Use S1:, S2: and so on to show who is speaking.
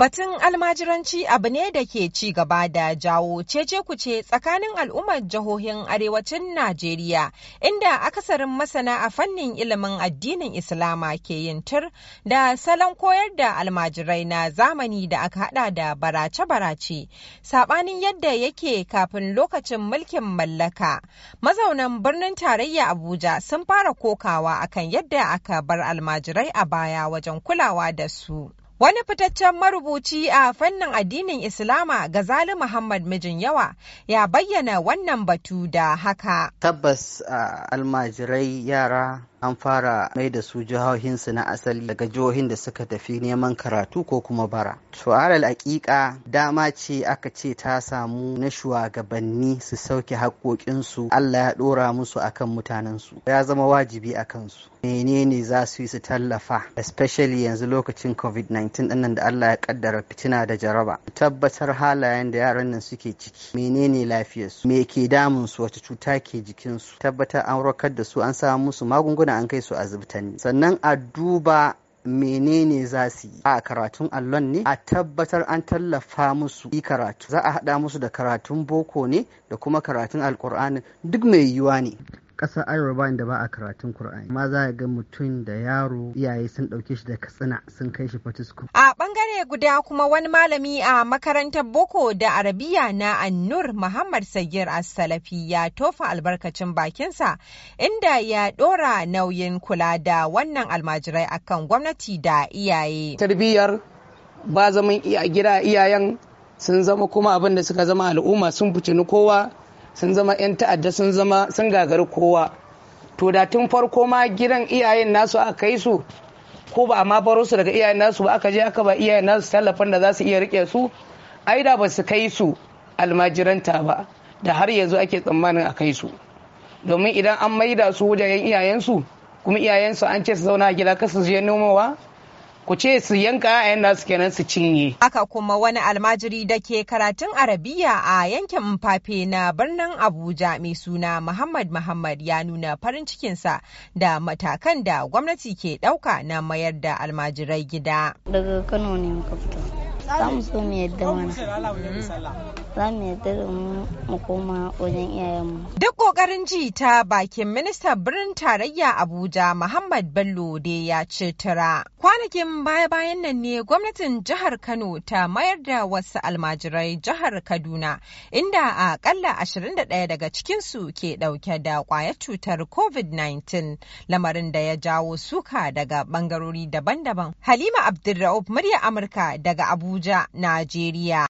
S1: Batun almajiranci abu ne da ke ci gaba da jawo cece-kuce tsakanin al'ummar jihohin arewacin Najeriya, inda akasarin masana a fannin ilimin addinin Islama ke yin tur da salon koyar da almajirai na zamani da aka hada da barace-barace, saɓanin yadda yake kafin lokacin mulkin mallaka. Mazaunan birnin tarayya Abuja sun fara kokawa akan yadda aka bar almajirai a baya wajen kulawa da su. Wani fitaccen marubuci a fannin addinin Islama Gazali Muhammad mijin yawa ya bayyana
S2: wannan batu
S1: da haka.
S2: Tabbas almajirai yara an fara mai da su jihohinsu na asali daga jihohin da suka tafi neman karatu ko kuma bara. To alal hakika dama ce aka ce ta samu na shugabanni su sauke haƙoƙinsu Allah ya ɗora musu akan mutanensu. Ya zama wajibi a kansu. menene za su yi su tallafa especially yanzu lokacin covid-19 nan da Allah ya ƙaddara fitina da jaraba tabbatar halayen da yaran nan suke ciki menene lafiyarsu me ke damunsu wace cuta ke jikinsu tabbatar an rokar da su an samu musu magunguna magana an kai su azibitan sannan a duba menene za su yi a karatun allon ne a tabbatar an tallafa musu yi karatu za a haɗa musu da karatun boko ne da kuma karatun alkur'ani duk mai yiwuwa ne ƙasar arewa ba da ba a karatun Kur'ani. Amma za a ga mutum da yaro iyaye sun ɗauke shi da katsina sun kai shi fatisku.
S1: A ɓangare guda kuma wani malami a makarantar Boko da Arabiya na Annur Muhammad Sagir As-Salafi ya tofa albarkacin bakinsa inda ya ɗora nauyin kula da wannan almajirai akan gwamnati da iyaye.
S3: Tarbiyyar ba zaman gida iyayen sun zama kuma abin da suka zama al'umma sun fitini kowa sun zama 'yan ta'adda sun zama sun gagari kowa to da tun farko ma gidan iyayen nasu aka kai su ko ba ma baro su daga iyayen nasu ba aka je aka ba iyayen nasu tallafin da za su iya rike su ai da ba su kai su almajiranta ba da har yanzu ake tsammanin a kai su domin idan an maida su wajen iyayensu kuma iyayensu an ce su zauna a gida kasu je nomawa ku ce su yanka 'ya'yan nasu kenan su cinye.
S1: Haka kuma wani almajiri da ke karatun Arabiya a yankin Mfafe na birnin Abuja mai suna Muhammad Muhammad ya nuna farin cikinsa da matakan da gwamnati ke ɗauka na mayar da almajirai gida. Daga Kano ne muka fito. za mu so mu yadda mana za mu yadda da mu koma wajen iyayenmu. Duk ƙoƙarin ji ta bakin minista birnin tarayya Abuja Muhammad Bello da ya ce tura. Kwanakin baya-bayan nan ne gwamnatin jihar Kano ta mayar da wasu almajirai jihar Kaduna inda a ƙalla 21 daga cikinsu ke ɗauke da kwayar cutar COVID-19 lamarin da ya jawo suka daga ɓangarori daban-daban. Halima Abdulra'uf murya Amurka daga Abuja. Abuja, Najeriya.